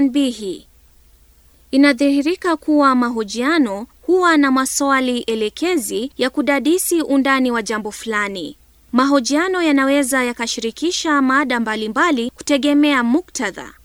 Tanbihi. Inadhihirika kuwa mahojiano huwa na maswali elekezi ya kudadisi undani wa jambo fulani. Mahojiano yanaweza yakashirikisha mada mbalimbali kutegemea muktadha.